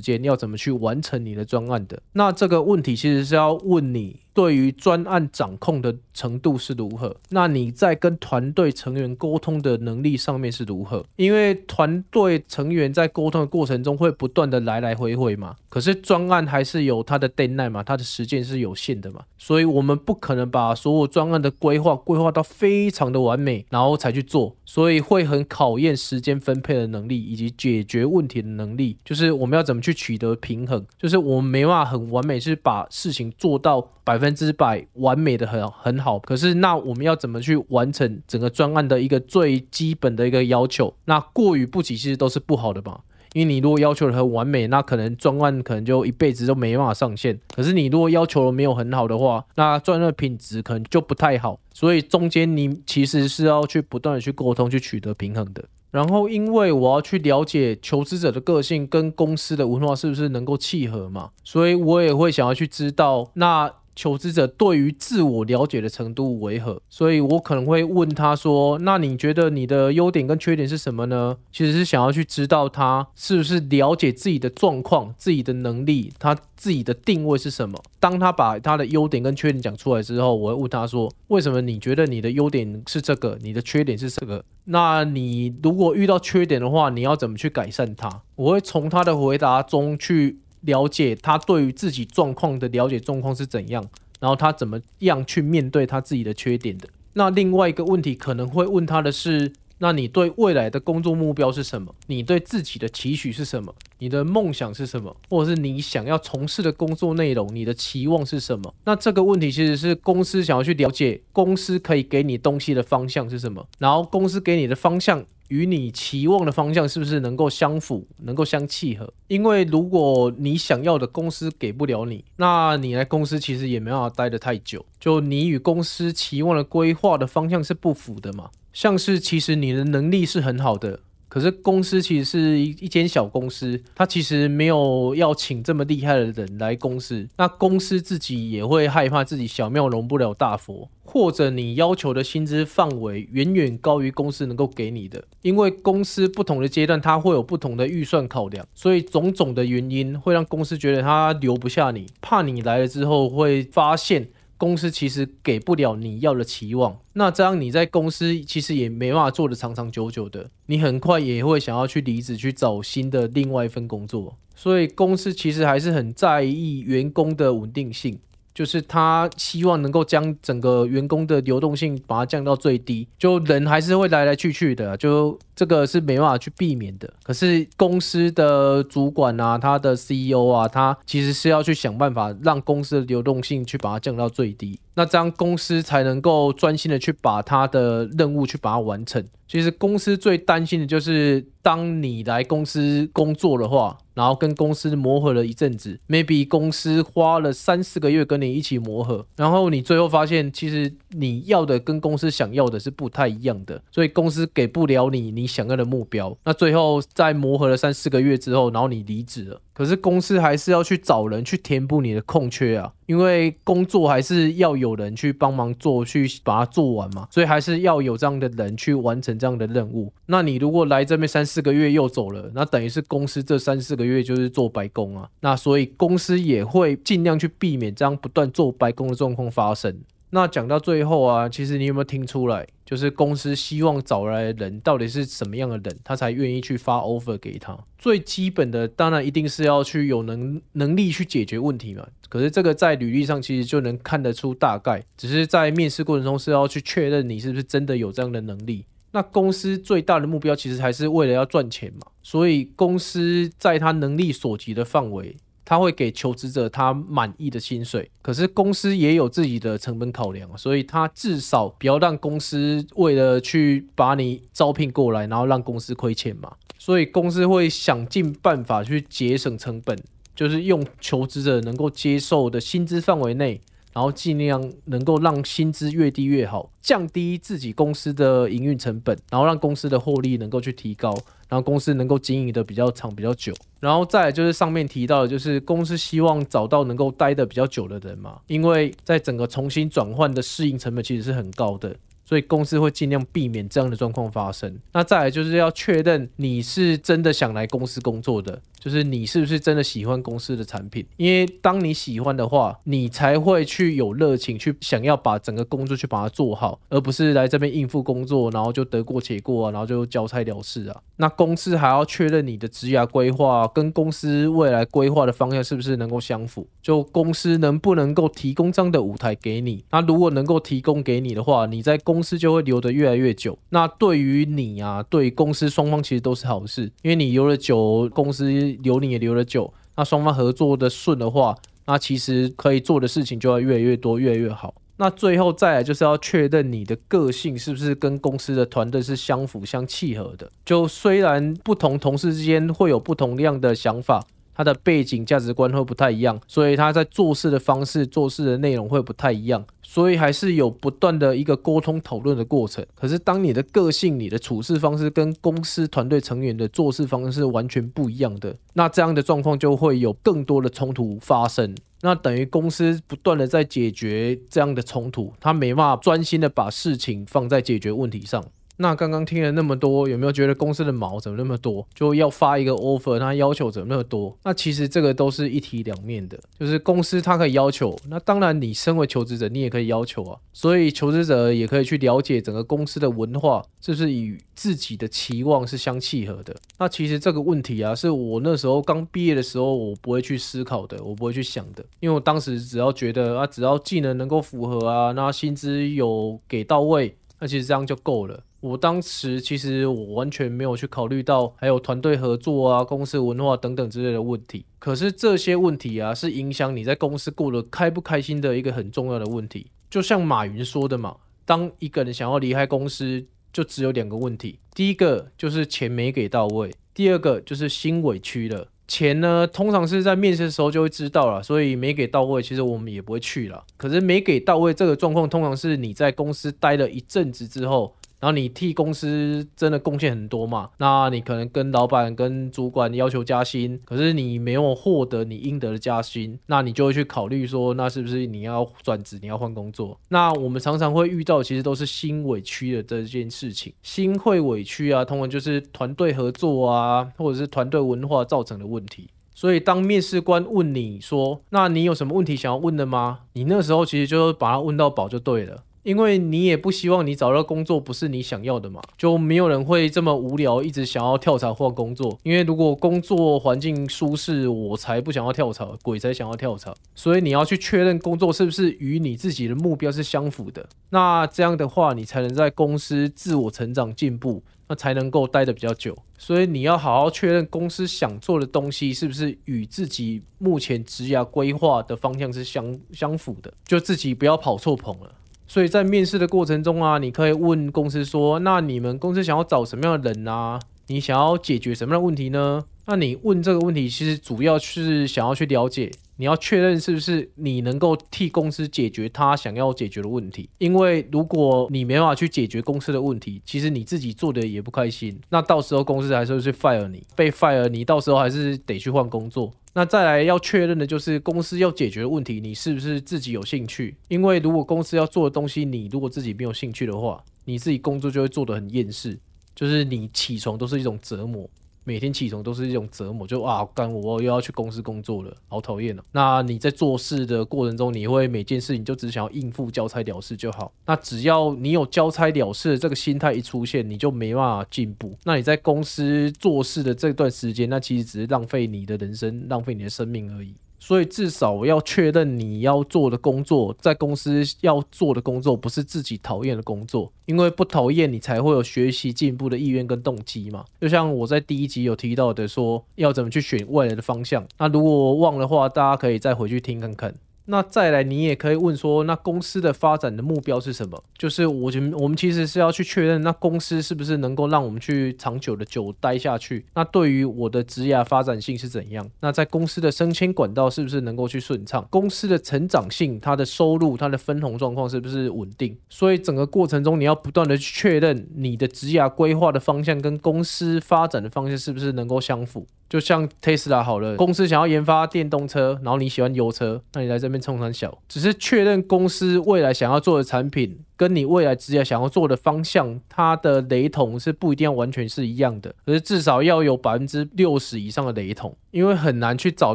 間？你要怎麼去完成你的專案的？那這個問題其實是要問你對於專案掌控的程度是如何？那你在跟團隊成員溝通的能力上面是如何？因為團隊成員在溝通的過程中會不斷的來來回回嘛，可是專案還是有它的 deadline 嘛，它的時間是有限的嘛，所以我們不可能把所有專案的規劃規劃到非常的完美，然後才去做，所以會很考驗時間分配的能力以及解決問題的能力，就是我們要怎麼去取得平衡，就是我們沒辦法很完美是把事情做到百分百分之百完美的很很好，可是那我們要怎麼去完成整個專案的一個最基本的一個要求？那過與不及其實都是不好的嘛。因為你如果要求得很完美，那可能專案可能就一輩子都沒辦法上線。可是你如果要求得沒有很好的話，那專案的品質可能就不太好。所以中間你其實是要去不斷的去溝通，去取得平衡的。然後因為我要去了解求職者的個性跟公司的文化是不是能夠契合嘛，所以我也會想要去知道那。求職者對於自我了解的程度為何？所以我可能會問他說：“那你覺得你的優點跟缺點是什麼呢？”其實是想要去知道他是不是了解自己的狀況、自己的能力、他自己的定位是什麼。當他把他的優點跟缺點講出來之後，我會問他說：“為什麼你覺得你的優點是這個，你的缺點是這個？那你如果遇到缺點的話，你要怎麼去改善它？”我會從他的回答中去。了解他對於自己狀況的了解狀況是怎樣，然後他怎麼樣去面對他自己的缺點的。那另外一個問題可能會問他的是：那你對未來的工作目標是什麼？你對自己的期許是什麼？你的夢想是什麼？或者是你想要從事的工作內容，你的期望是什麼？那這個問題其實是公司想要去了解，公司可以給你東西的方向是什麼，然後公司給你的方向。與你期望的方向是不是能夠相符，能夠相契合？因為如果你想要的公司給不了你，那你來公司其實也沒辦法待得太久。就你與公司期望的規劃的方向是不符的嘛，像是其實你的能力是很好的。可是公司其實是一一間小公司，他其實沒有要請這麼厲害的人來公司。那公司自己也會害怕自己小廟容不了大佛，或者你要求的薪資範圍遠遠高於公司能夠給你的。因為公司不同的階段，它會有不同的預算考量，所以種種的原因會讓公司覺得他留不下你，怕你來了之後會發現。公司其實給不了你要的期望，那這樣你在公司其實也沒辦法做得長長久久的，你很快也會想要去離職去找新的另外一份工作。所以公司其實還是很在意員工的穩定性，就是他希望能夠將整個員工的流動性把它降到最低，就人還是會來來去去的，就。這個是沒辦法去避免的。可是公司的主管啊，他的 CEO 啊，他其實是要去想辦法讓公司的流動性去把它降到最低。那這樣公司才能夠專心的去把他的任務去把它完成。其實公司最擔心的就是，當你來公司工作的話，然後跟公司磨合了一陣子，maybe 公司花了三四個月跟你一起磨合，然後你最後發現，其實你要的跟公司想要的是不太一樣的，所以公司給不了你，你。想要的目標，那最後在磨合了三四個月之後，然後你離職了，可是公司還是要去找人去填補你的空缺啊，因為工作還是要有人去幫忙做，去把它做完嘛，所以還是要有這樣的人去完成這樣的任務。那你如果來這邊三四個月又走了，那等於是公司這三四個月就是做白工啊，那所以公司也會盡量去避免這樣不斷做白工的狀況發生。那講到最後啊，其實你有沒有聽出來？就是公司希望找來的人到底是什麼樣的人，他才願意去發 offer 給他？最基本的，當然一定是要去有能能力去解決問題嘛。可是這個在履歷上其實就能看得出大概，只是在面試過程中是要去確認你是不是真的有這樣的能力。那公司最大的目標其實還是為了要賺錢嘛，所以公司在他能力所及的範圍。他會給求職者他滿意的薪水，可是公司也有自己的成本考量，所以他至少不要讓公司為了去把你招聘過來，然後讓公司虧錢嘛。所以公司會想盡辦法去節省成本，就是用求職者能夠接受的薪資範圍內，然後盡量能夠讓薪資越低越好，降低自己公司的營運成本，然後讓公司的獲利能夠去提高。然後公司能夠經營的比較長、比較久，然後再來就是上面提到的，就是公司希望找到能夠待的比較久的人嘛，因為在整個重新轉換的適應成本其實是很高的。所以公司會儘量避免這樣的狀況發生。那再來就是要確認你是真的想來公司工作的，就是你是不是真的喜歡公司的產品？因為當你喜歡的話，你才會去有熱情去想要把整個工作去把它做好，而不是來這邊應付工作，然後就得過且過啊，然後就交差了事啊。那公司還要確認你的職涯規劃跟公司未來規劃的方向是不是能夠相符，就公司能不能夠提供這樣的舞台給你？那如果能夠提供給你的話，你在公公司就會留得越來越久，那對於你啊，對公司雙方其實都是好事，因為你留了久，公司留你也留了久，那雙方合作的順的話，那其實可以做的事情就要越來越多，越來越好。那最後再來就是要確認你的個性是不是跟公司的團隊是相符、相契合的，就雖然不同同事之間會有不同樣的想法。他的背景價值觀會不太一樣，所以他在做事的方式、做事的內容會不太一樣，所以還是有不斷的一個溝通討論的過程。可是，當你的個性、你的處事方式跟公司團隊成員的做事方式完全不一樣的，那這樣的狀況就會有更多的衝突發生。那等於公司不斷的在解決這樣的衝突，他沒辦法專心的把事情放在解決問題上。那剛剛聽了那麼多，有沒有覺得公司的毛怎麼那麼多？就要發一個 offer，他要求怎麼那麼多？那其實這個都是一體兩面的，就是公司他可以要求，那當然你身為求職者，你也可以要求啊。所以求職者也可以去了解整個公司的文化是不是與自己的期望是相契合的。那其實這個問題啊，是我那時候剛畢業的時候，我不會去思考的，我不會去想的，因為我當時只要覺得啊，只要技能能夠符合啊，那薪資有給到位，那其實這樣就夠了。我當時其實我完全沒有去考慮到還有團隊合作啊、公司文化等等之類的問題。可是這些問題啊，是影響你在公司過得開不開心的一個很重要的問題。就像馬雲說的嘛，當一個人想要離開公司，就只有兩個問題：第一個就是錢沒給到位，第二個就是心委屈了。錢呢，通常是在面試的時候就會知道了，所以沒給到位，其實我們也不會去了。可是沒給到位這個狀況，通常是你在公司待了一陣子之後。然後你替公司真的貢獻很多嘛？那你可能跟老闆、跟主管要求加薪，可是你沒有獲得你應得的加薪，那你就會去考慮說，那是不是你要轉職、你要換工作？那我們常常會遇到，其實都是心委屈的這件事情，心會委屈啊，通常就是團隊合作啊，或者是團隊文化造成的問題。所以當面試官問你說，那你有什麼問題想要問的嗎？你那時候其實就把他問到飽就對了。因為你也不希望你找到工作不是你想要的嘛，就沒有人會這麼無聊，一直想要跳槽換工作。因為如果工作環境舒適，我才不想要跳槽，鬼才想要跳槽。所以你要去確認工作是不是與你自己的目標是相符的。那這樣的話，你才能在公司自我成長進步，那才能夠待得比較久。所以你要好好確認公司想做的東西是不是與自己目前職涯規劃的方向是相相符的，就自己不要跑錯棚了。所以在面試的過程中啊，你可以問公司說：“那你們公司想要找什麼樣的人啊？你想要解決什麼樣的問題呢？”那你問這個問題其實主要是想要去了解。你要確認是不是你能夠替公司解決他想要解決的問題，因為如果你沒辦法去解決公司的問題，其實你自己做的也不開心，那到時候公司還是會去 fire 你，被 fire 你到時候還是得去換工作。那再來要確認的就是公司要解決的問題，你是不是自己有興趣？因為如果公司要做的東西，你如果自己沒有興趣的話，你自己工作就會做得很厭世，就是你起床都是一種折磨。每天起床都是一種折磨，就啊幹我又要去公司工作了，好討厭喔！那你在做事的過程中，你會每件事你就只想要應付交差了事就好。那只要你有交差了事的這個心態一出現，你就沒辦法進步。那你在公司做事的這段時間，那其實只是浪費你的人生，浪費你的生命而已。所以至少要確認你要做的工作，在公司要做的工作不是自己討厭的工作，因為不討厭你才會有學習進步的意願跟動機嘛。就像我在第一集有提到的說，說要怎麼去選未來的方向。那如果忘的話，大家可以再回去聽看看。那再來，你也可以問說，那公司的發展的目標是什麼？就是我們我們其實是要去確認，那公司是不是能夠讓我們去長久的久待下去？那對於我的職業發展性是怎樣？那在公司的升遷管道是不是能夠去順暢？公司的成長性，它的收入、它的分紅狀況是不是穩定？所以整個過程中，你要不斷的去確認你的職業規劃的方向跟公司發展的方向是不是能夠相符？就像 Tesla 好了，公司想要研發電動車，然後你喜歡油車，那你來這邊。衝三小？只是確認公司未來想要做的產品，跟你未來職涯想要做的方向，它的雷同是不一定要完全是一樣的，可是至少要有百分之六十以上的雷同，因為很難去找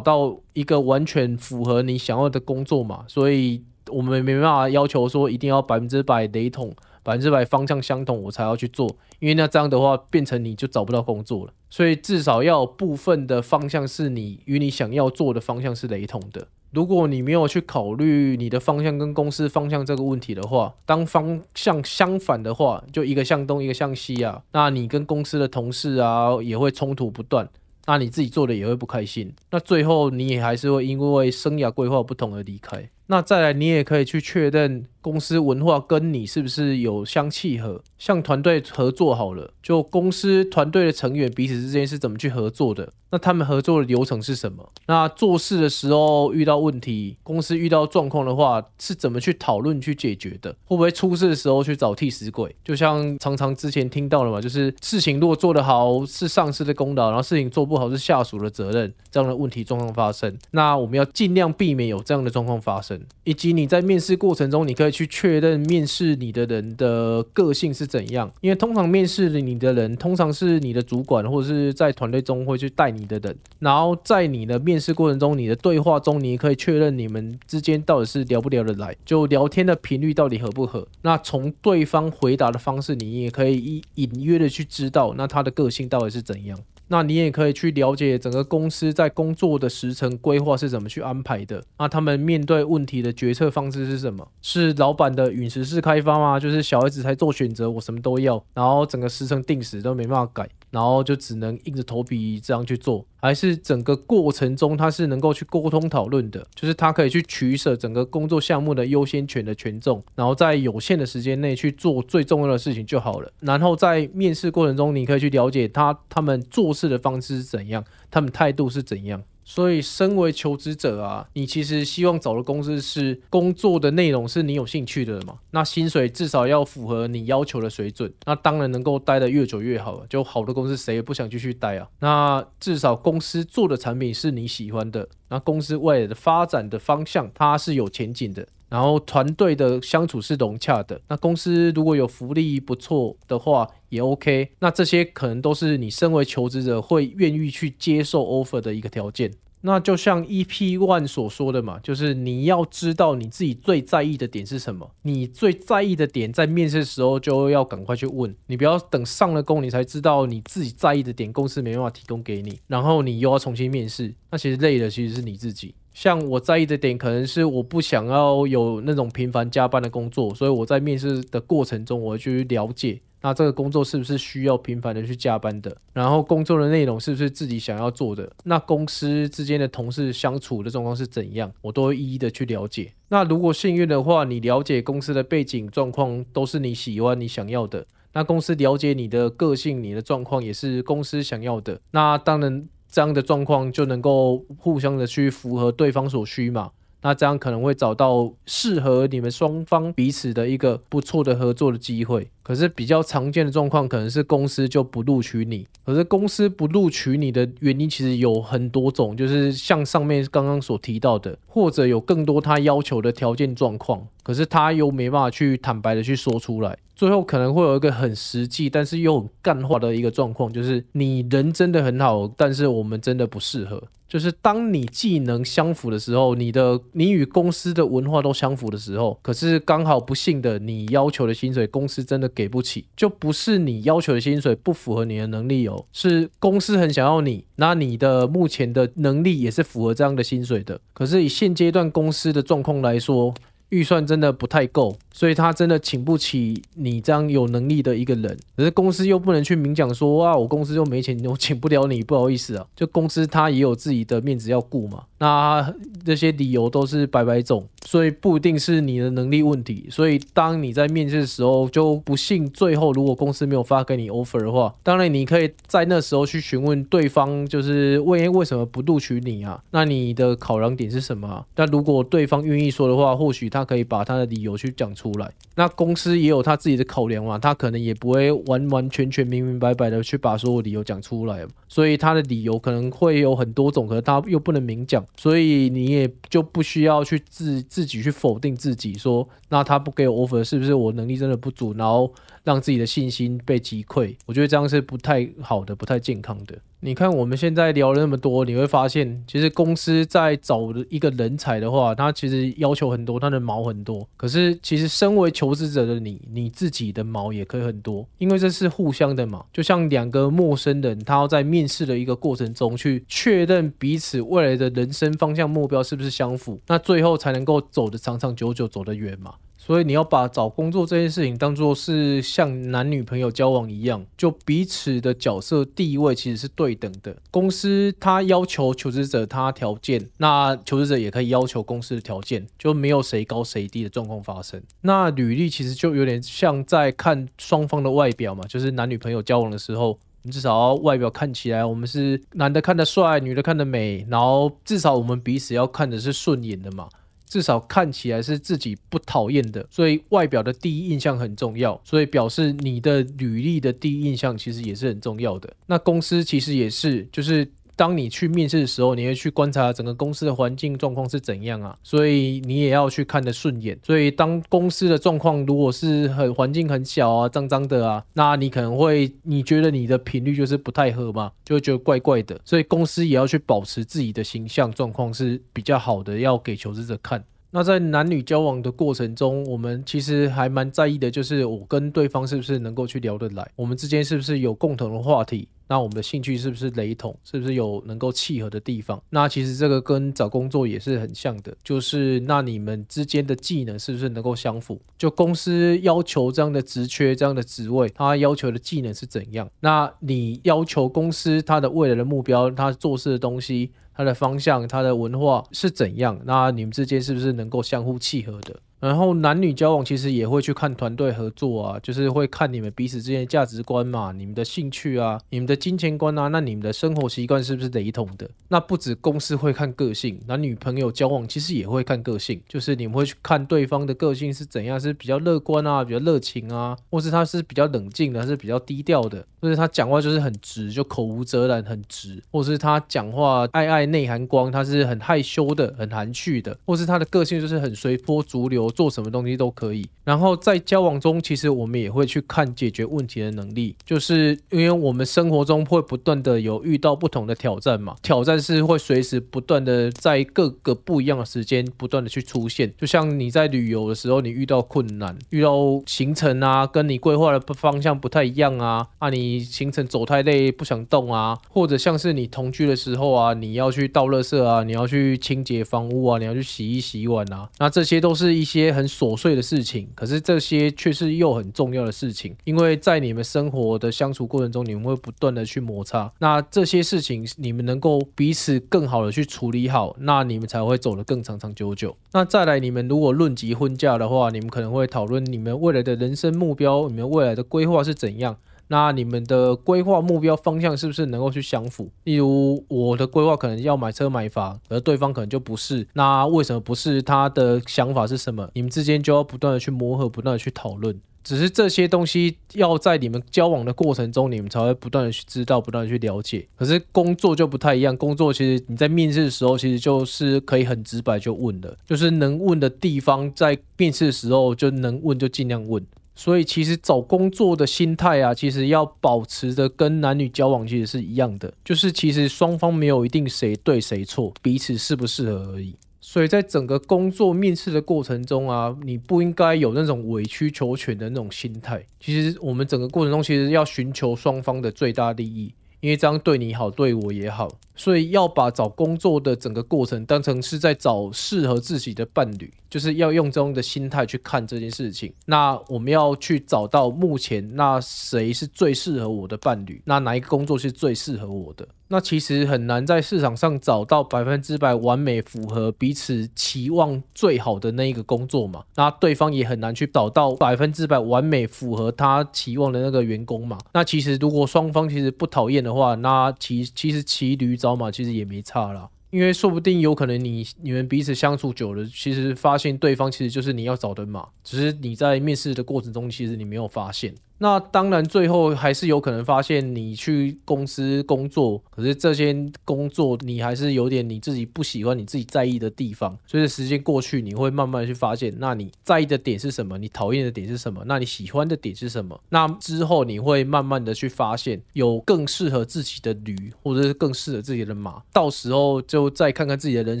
到一個完全符合你想要的工作嘛，所以我們沒辦法要求說一定要百分之百雷同，百分之百方向相同我才要去做，因為那這樣的話變成你就找不到工作了，所以至少要有部分的方向是你與你想要做的方向是雷同的。如果你沒有去考慮你的方向跟公司方向這個問題的話，當方向相反的話，就一個向東，一個向西啊，那你跟公司的同事啊也會衝突不斷，那你自己做的也會不開心，那最後你也還是會因為生涯規劃不同而離開。那再來，你也可以去確認。公司文化跟你是不是有相契合？像團隊合作好了，就公司團隊的成員彼此之間是怎麼去合作的？那他們合作的流程是什麼？那做事的時候遇到問題，公司遇到狀況的話，是怎麼去討論去解決的？會不會出事的時候去找替死鬼？就像常常之前聽到的嘛，就是事情如果做得好是上司的功勞，然後事情做不好是下屬的責任，這樣的問題狀況發生，那我們要盡量避免有這樣的狀況發生，以及你在面試過程中，你可以。去確認面試你的人的個性是怎樣，因為通常面試你的人，通常是你的主管或者是在團隊中會去帶你的人，然後在你的面試過程中，你的對話中，你可以確認你們之間到底是聊不聊得來，就聊天的頻率到底合不合，那從對方回答的方式，你也可以隱隱約約的去知道，那他的個性到底是怎樣。那你也可以去了解整個公司在工作的時程規劃是怎麼去安排的。那他們面對問題的決策方式是什麼？是老闆的隕石式開發嗎？就是小孩子才做選擇，我什麼都要，然後整個時程定時都沒辦法改，然後就只能硬着頭皮這樣去做。還是整個過程中，他是能夠去溝通討論的，就是他可以去取捨整個工作項目的優先權的權重，然後在有限的時間內去做最重要的事情就好了。然後在面試過程中，你可以去了解他，他們做事的方式是怎樣，他們態度是怎樣。所以，身為求職者啊，你其實希望找的公司是工作的內容是你有興趣的的嘛？那薪水至少要符合你要求的水準。那當然能夠待得越久越好。就好的公司，誰也不想繼續待啊。那至少公司做的產品是你喜歡的，那公司未來的發展的方向它是有前景的。然後團隊的相處是融洽的，那公司如果有福利不錯的話也 OK。那這些可能都是你身為求職者會願意去接受 offer 的一個條件。那就像 EP One 所說的嘛，就是你要知道你自己最在意的點是什麼，你最在意的點在面試的時候就要趕快去問，你不要等上了工你才知道你自己在意的點公司沒辦法提供給你，然後你又要重新面試，那其實累的其實是你自己。像我在意的點，可能是我不想要有那種頻繁加班的工作，所以我在面試的過程中，我就去了解那這個工作是不是需要頻繁的去加班的，然後工作的內容是不是自己想要做的，那公司之間的同事相處的狀況是怎樣，我都會一一的去了解。那如果幸運的話，你了解公司的背景狀況都是你喜歡、你想要的，那公司了解你的個性、你的狀況也是公司想要的，那當然。這樣的狀況就能夠互相的去符合對方所需嘛，那這樣可能會找到適合你們雙方彼此的一個不錯的合作的機會。可是比較常見的狀況可能是公司就不錄取你。可是公司不錄取你的原因其實有很多種，就是像上面剛剛所提到的，或者有更多他要求的條件狀況。可是他又沒辦法去坦白的去說出來。最後可能會有一個很實際但是又很幹話的一個狀況，就是你人真的很好，但是我們真的不適合。就是當你技能相符的時候，你的你與公司的文化都相符的時候，可是剛好不幸的你要求的薪水，公司真的。給不起，就不是你要求的薪水不符合你的能力哦，是公司很想要你，那你的目前的能力也是符合這樣的薪水的，可是以現階段公司的狀況來說，預算真的不太夠。所以他真的請不起你這樣有能力的一個人，可是公司又不能去明講說，哇，我公司又沒錢，我請不了你，不好意思啊。就公司他也有自己的面子要顧嘛，那這些理由都是百百種，所以不一定是你的能力問題。所以當你在面試的時候，就不幸最後如果公司沒有發給你 offer 的話，當然你可以在那時候去詢問對方，就是問為什麼不錄取你啊？那你的考量點是什麼啊？那如果對方願意說的話，或許他可以把他的理由去講出。出來，那公司也有他自己的考量嘛，他可能也不會完完全全明明白白的去把所有理由講出來，所以他的理由可能會有很多種，可是他又不能明講，所以你也就不需要去自自己去否定自己，說那他不給我 offer 是不是我能力真的不足然後，讓自己的信心被擊潰，我覺得這樣是不太好的，不太健康的。你看我們現在聊了那麼多，你會發現，其實公司在找的一個人才的話，他其實要求很多，他的毛很多。可是其實身為求職者的你，你自己的毛也可以很多，因為這是互相的嘛。就像兩個陌生人，他要在面試的一個過程中去確認彼此未來的人生方向目標是不是相符，那最後才能夠走得長長久久，走得遠嘛。所以你要把找工作這件事情當做，是像男女朋友交往一樣，就彼此的角色地位其實是對等的。公司他要求求職者他條件，那求職者也可以要求公司的條件，就沒有誰高誰低的狀況發生。那履歷其實就有點像在看雙方的外表嘛，就是男女朋友交往的時候，你至少要外表看起來，我們是男的看得帥，女的看得美，然後至少我們彼此要看的是順眼的嘛。至少看起來是自己不討厭的，所以外表的第一印象很重要，所以表示你的履歷的第一印象其實也是很重要的。那公司其實也是，就是。當你去面試的時候，你會去觀察整個公司的環境狀況是怎樣啊，所以你也要去看得順眼。所以當公司的狀況如果是很環境很小啊、髒脏的啊，那你可能會你覺得你的頻率就是不太合嘛，就會覺得怪怪的。所以公司也要去保持自己的形象狀況是比較好的，要給求職者看。那在男女交往的過程中，我們其實還蠻在意的，就是我跟對方是不是能夠去聊得來，我們之間是不是有共同的話題，那我們的興趣是不是雷同，是不是有能夠契合的地方？那其實這個跟找工作也是很像的，就是那你們之間的技能是不是能夠相符？就公司要求這樣的職缺、這樣的職位，他要求的技能是怎樣？那你要求公司他的未來的目標，他做事的東西。它的方向、它的文化是怎樣？那你們之間是不是能夠相互契合的？然後男女交往其實也會去看團隊合作啊，就是會看你們彼此之間的價值觀嘛，你們的興趣啊，你們的金錢觀啊，那你們的生活習慣是不是雷同的？那不止公司會看個性，男女朋友交往其實也會看個性，就是你們會去看對方的個性是怎樣，是比較樂觀啊，比較熱情啊，或是他是比較冷靜的，他是比較低調的，或是他講話就是很直，就口無遮攔，很直，或是他講話曖曖內含光，他是很害羞的，很含蓄的，或是他的個性就是很隨波逐流。做什麼東西都可以，然後在交往中，其實我們也會去看解決問題的能力，就是因為我們生活中會不斷的有遇到不同的挑戰嘛，挑戰是會隨時不斷的在各個不一樣的時間不斷的去出現，就像你在旅遊的時候，你遇到困難，遇到行程啊，跟你規劃的方向不太一樣啊，啊，你行程走太累不想動啊，或者像是你同居的時候啊，你要去倒垃圾啊，你要去清潔房屋啊，你要去洗衣洗碗啊，那這些都是一些些很瑣碎的事情，可是這些卻是又很重要的事情，因為在你們生活的相處過程中，你們會不斷的去摩擦。那這些事情，你們能夠彼此更好的去處理好，那你們才會走得更長長久久。那再來，你們如果論及婚嫁的話，你們可能會討論你們未來的人生目標，你們未來的規劃是怎樣。那你們的規劃目標方向是不是能夠去相符？例如我的規劃可能要買車買房，而對方可能就不是。那為什麼不是？他的想法是什麼？你們之間就要不斷的去磨合，不斷的去討論。只是這些東西要在你們交往的過程中，你們才會不斷的去知道，不斷的去了解。可是工作就不太一樣，工作其實你在面試的時候，其實就是可以很直白就問的，就是能問的地方，在面試的時候就能問，就儘量問。所以其實找工作的心態啊，其實要保持着跟男女交往其實是一樣的，就是其實雙方沒有一定誰對誰錯，彼此適不適合而已。所以在整個工作面試的過程中啊，你不應該有那種委曲求全的那種心態。其實我們整個過程中，其實要尋求雙方的最大利益。因為這樣對你好，對我也好，所以要把找工作的整個過程當成是在找適合自己的伴侶，就是要用這樣的心態去看這件事情。那我們要去找到目前那誰是最適合我的伴侶，那哪一個工作是最適合我的。那其實很難在市場上找到百分之百完美符合彼此期望最好的那一個工作嘛。那對方也很難去找到百分之百完美符合他期望的那個員工嘛。那其實如果雙方其實不討厭的話，那其其實騎驢找馬其實也沒差啦，因為說不定有可能你你們彼此相處久了，其實發現對方其實就是你要找的馬，只是你在面試的過程中其實你沒有發現。那當然，最後還是有可能發現你去公司工作，可是這些工作你還是有點你自己不喜歡、你自己在意的地方。隨着時間過去，你會慢慢去發現，那你在意的點是什麼？你討厭的點是什麼？那你喜歡的點是什麼？那之後你會慢慢的去發現，有更適合自己的驢，或者是更適合自己的馬。到時候就再看看自己的人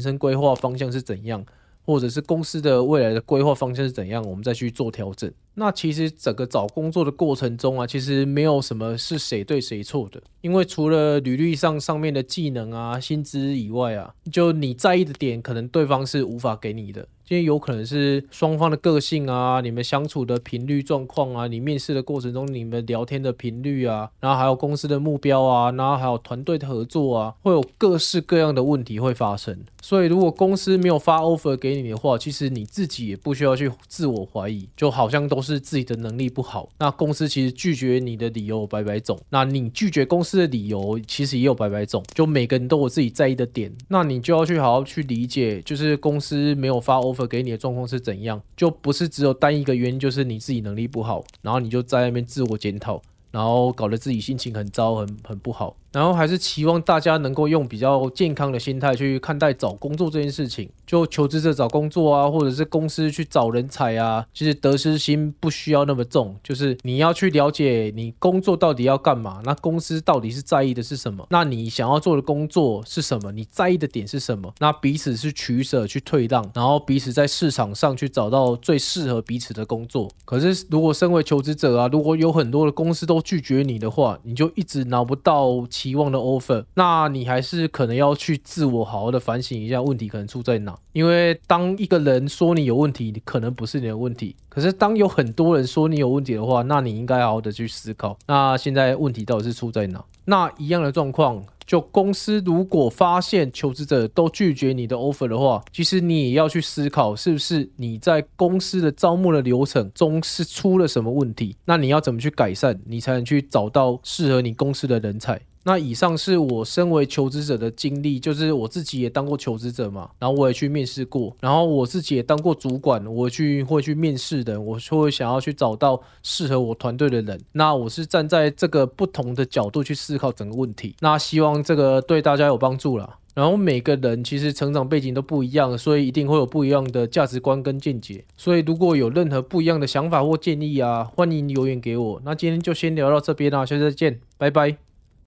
生規劃方向是怎樣。或者是公司的未來的規劃方向是怎樣，我們再去做調整。那其實整個找工作的過程中啊,其實沒有什麼是誰對誰錯的，因為除了履歷上上面的技能啊、薪資以外啊，就你在意的點，可能對方是無法給你的。今天有可能是雙方的個性啊，你們相處的頻率狀況啊，你面試的過程中你們聊天的頻率啊，然後還有公司的目標啊，然後還有團隊的合作啊，會有各式各樣的問題會發生。所以如果公司沒有發 offer 給你的話，其實你自己也不需要去自我懷疑，就好像都是自己的能力不好。那公司其實拒絕你的理由有百百種，那你拒絕公司的理由其實也有百百種，就每個人都有自己在意的點，那你就要去好好去理解，就是公司沒有發 offer 給你的狀況是怎樣？就不是只有單一個原因，就是你自己能力不好，然後你就在那邊自我檢討，然後搞得自己心情很糟，很很不好。然後還是期望大家能夠用比較健康的心態去看待找工作這件事情，就求職者找工作啊，或者是公司去找人才啊，其實得失心不需要那麼重，就是你要去了解你工作到底要幹嘛，那公司到底是在意的是什麼，那你想要做的工作是什麼，你在意的點是什麼，那彼此是取舍、去退讓，然後彼此在市場上去找到最適合彼此的工作。可是如果身為求職者啊，如果有很多的公司都拒絕你的話，你就一直拿不到。期望的 offer，那你還是可能要去自我好好的反省一下問題可能出在哪？因為當一個人說你有問題，你可能不是你的問題；可是當有很多人說你有問題的話，那你應該好好的去思考，那現在問題到底是出在哪？那一樣的狀況，就公司如果發現求職者都拒絕你的 offer 的話，其實你也要去思考，是不是你在公司的招募的流程中是出了什麼問題？那你要怎麼去改善，你才能去找到適合你公司的人才。那以上是我身為求職者的經歷，就是我自己也當過求職者嘛，然後我也去面試過，然後我自己也當過主管，我會去會去面試人，我就會想要去找到適合我團隊的人。那我是站在這個不同的角度去思考整個問題，那希望這個對大家有幫助啦。然後每個人其實成長背景都不一樣，所以一定會有不一樣的價值觀跟見解。所以如果有任何不一樣的想法或建議啊，歡迎留言給我。那今天就先聊到這邊啊，下次再見，拜拜。